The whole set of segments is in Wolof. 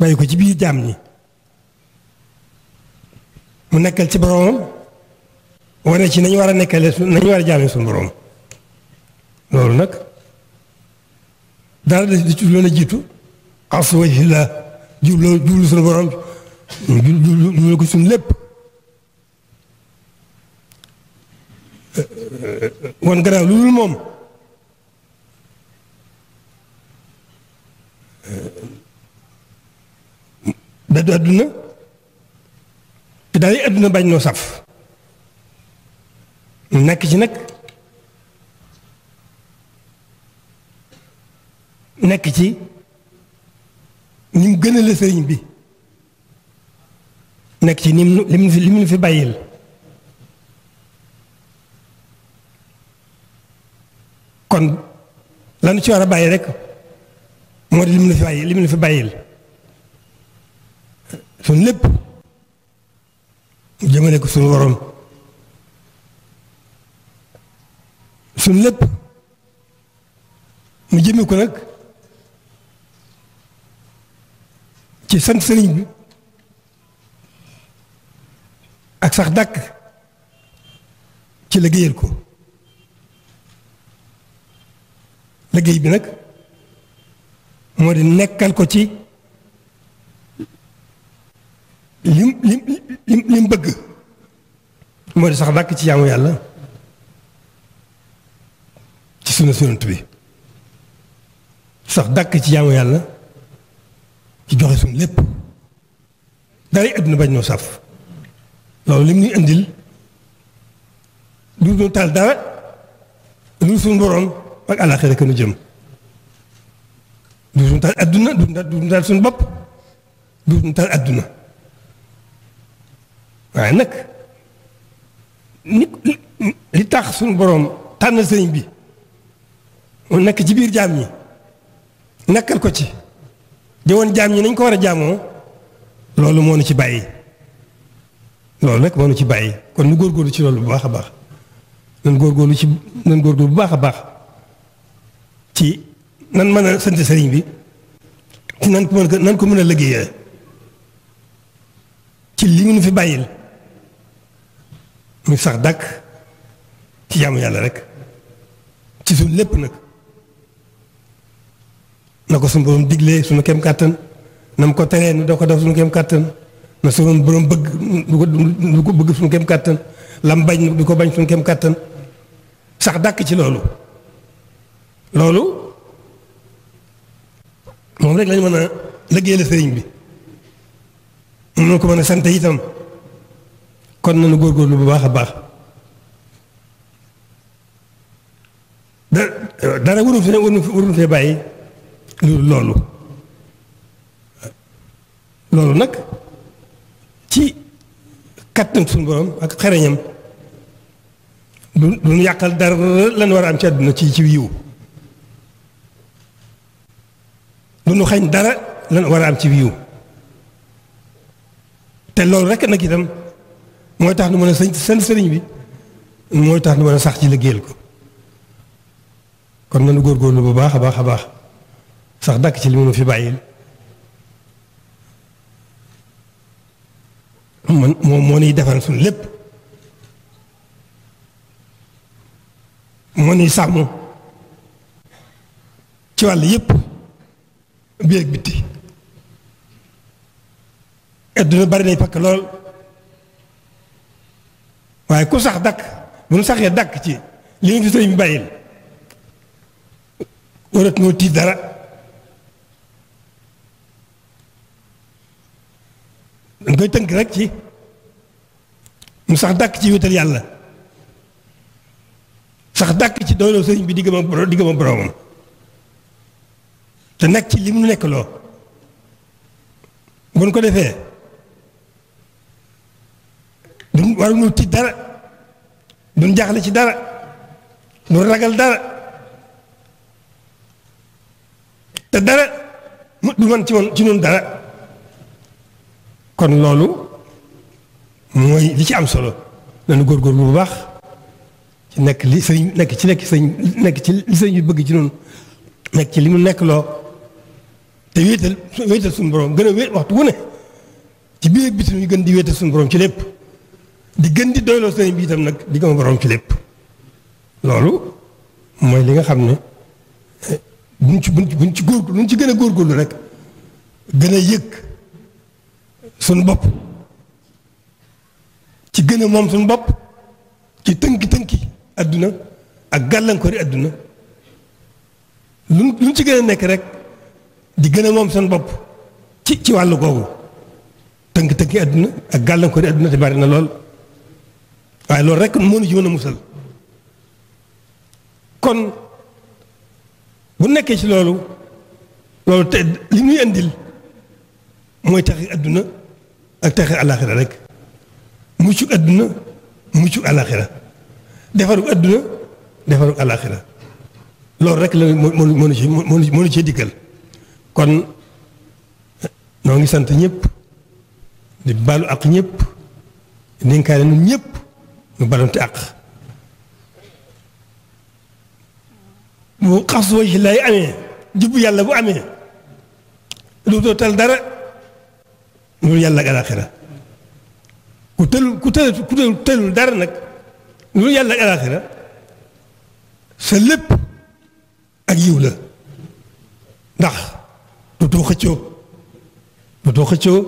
bàyyi ko ci biir jaam ñi mu nekkal ci boromam wane ci nañu war a nekkale nañu war a jaame suñu borom loolu nag dara des di ci loolu jiitu as wajhi la jublu jublu borom jublu ko suñu lépp wan gannaaw lu dul moom ba du àdduna te daay àdduna bañ saf nekk ci nag nekk ci ni mu gën a bi nekk ci ni mu li mu fi bàyyil kon lanu ci war a bàyyi rek moo di li mu fi bàyyil li mu fi bàyyil suñ lépp jëmane ko suñu waroom suñ lépp mu jëme ko nag ci sant sëriñ bi ak sax dàkk ci liggéeyal ko liggéey bi nag moo di nekkal ko ci lim lim lim bëgg moo di sax dàkk ci yaamu yàlla ci sunna bi sax dàkk ci yaamu yàlla ci joxe suñ lépp daray àdduna bañ noo saf loolu lim ñuy indil du ñu taal dara lu suñ boroom ak àllaaxira ka nu jëm du ñu taal àdduna du ñu taal suñ bopp du ñu taal àdduna waaye nag ni li tax suñu boroom tànn sëriñ bi mu nekk ci biir jaam ñi nekkal ko ci jëwoon jaam ñi nañ ko war a jaamoo loolu moo nu ci bàyyi loolu rek moo nu ci bàyyi kon nu góorgóorlu ci loolu bu baax a baax nan góorgóorlu ci nan góor bu baax a baax ci nan mën a sant sëriñ bi ci nan ko mën nan ko mën a liggéeyee ci li ñu fi bàyyil muy sax dàkk ci jaamu yàlla rek ci suñ lépp nag na ko suñu borom diglee suñu kem kàttan na mu ko teree nu doo ko def suñu kem kàttan na suñu borom bëgg du ko bëgg suñu kem kàttan lam bañ du ko bañ suñu kem kàttan sax dàkk ci loolu loolu moom rek lañ mën a liggéeyal sëriñ bi mën ko mën a sant itam kon nañu góorgóorlu bu baax a baax dara waru fi ne waru fi bàyyi loolu loolu nag ci kattan suñu borom ak xereñam lu duñu yàqal dara lan war a am ci àdduna ci ci yiw du ñu xañ dara lan war a am ci yiw te loolu rekk nag itam mooy tax nu mën a sëñ seen sëriñ bi mooy tax nu mën a sax ci liggéeyal ko kon nanu góorgóorlu bu baax a baax a baax sax dàkk ci li mu fi bàyyil man moom moo defar defal suñu lépp moo niy sàmm ci wàll yépp bi ak bitti adduna bari nay pakk lool waaye ku sax dàkk bu nu saxee dàkk ci li ñu fi sëriñ bàyyil warat noo tiit dara dañ koy tënk rek ci mu sax dàkk ci wétal yàlla sax dàkk ci doyloo sëriñ bi diggam ak diggam boromam te nekk ci li mu nekk loo bu nu ko defee duñ waruñu tiit dara duñ jaxle ci dara duñ ragal dara te dara mu du man ci woon ci noonu dara kon loolu mooy li ci am solo góor góorgóorlu bu baax ci nekk li sëñ nekk ci nekk sëñ nekk ci li sëñ bi bëgg ci noonu nekk ci li mu nekk loo te wéetal wéetal suñu borom gën a wéet waxtu wu ne ci biir bitim yi gën di wéetal suñu ci lépp di gën di doyloo sëriñ bi itam nag di gëm borom ci lépp loolu mooy li nga xam ne eh, buñ ci buñ ci góor buñ ci gën a góorgóorlu rek gën a yëg suñu bopp ci gën a moom suñu bopp ci tënki-tënki adduna ak gàllankoori adduna lu luñ ci gën nekk rek di gën a moom suñu bopp ci ci wàllu googu tënki-tënki adduna ak gàllankoori adduna te bari na lool waaye loolu rek moo ñu ci mën a musal kon bu nekkee ci loolu loolu te li ñuy indil mooy taxi àdduna ak taxi àllaaxira rek muccu àdduna muccu àllaaxira defaru àdduna defaru àllaaxira loolu rek la mënu moo ci moo ci diggal kon noo ngi sant ñëpp di baalu ak ñëpp di dénkaane ñun ñëpp. ñu balante àq bu xas wajhi laay amee jubbu yàlla bu ame dootoo tal dara loolu yàlla ak alaaxira ku tëlul ku tël ku tëlul dara nag loolu yàlla ak alaaxira sa lépp ak yiw la ndax dootoo xëccoo dootoo xëccoo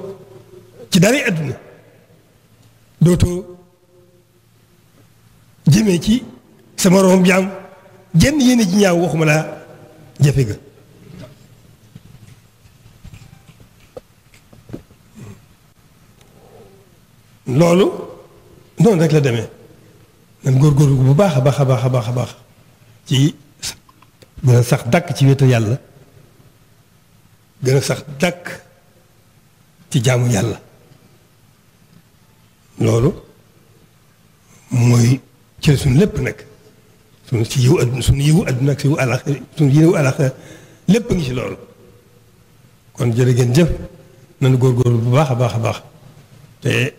ci dara àdduna dootoo jëmee ci sama moroom jaam jenn yéene ji ñaaw waxuma laa jafe ga loolu doon rek la demee góor góor bu baax a baax a baax a baax a baax ci gën a sax dàkk ci wéetal yàlla gën a sax dàkk ci jaamu yàlla loolu mooy ci la suñu lépp nag suñu ci yiw adduna suñu yiw adduna ak si yiw alaxira suñu yiw ngi ci loolu kon jërë ngeen jëf góor góorgóorlu bu baax a baax a baax te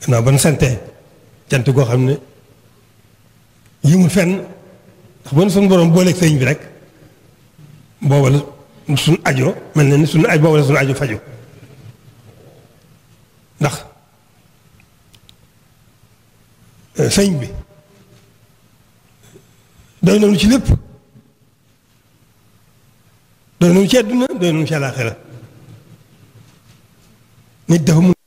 gannaaw ban sante cant goo xam ne yimul fenn ndax ban suñu borom booleeg sëñ bi rek booba la suñu ajo mel na ni suñu aj booba la ajo fajo ndax Euh, sëñ bi doy nañu ci lépp doy nañu ci àdduna doy nañu ci àllaaxira nit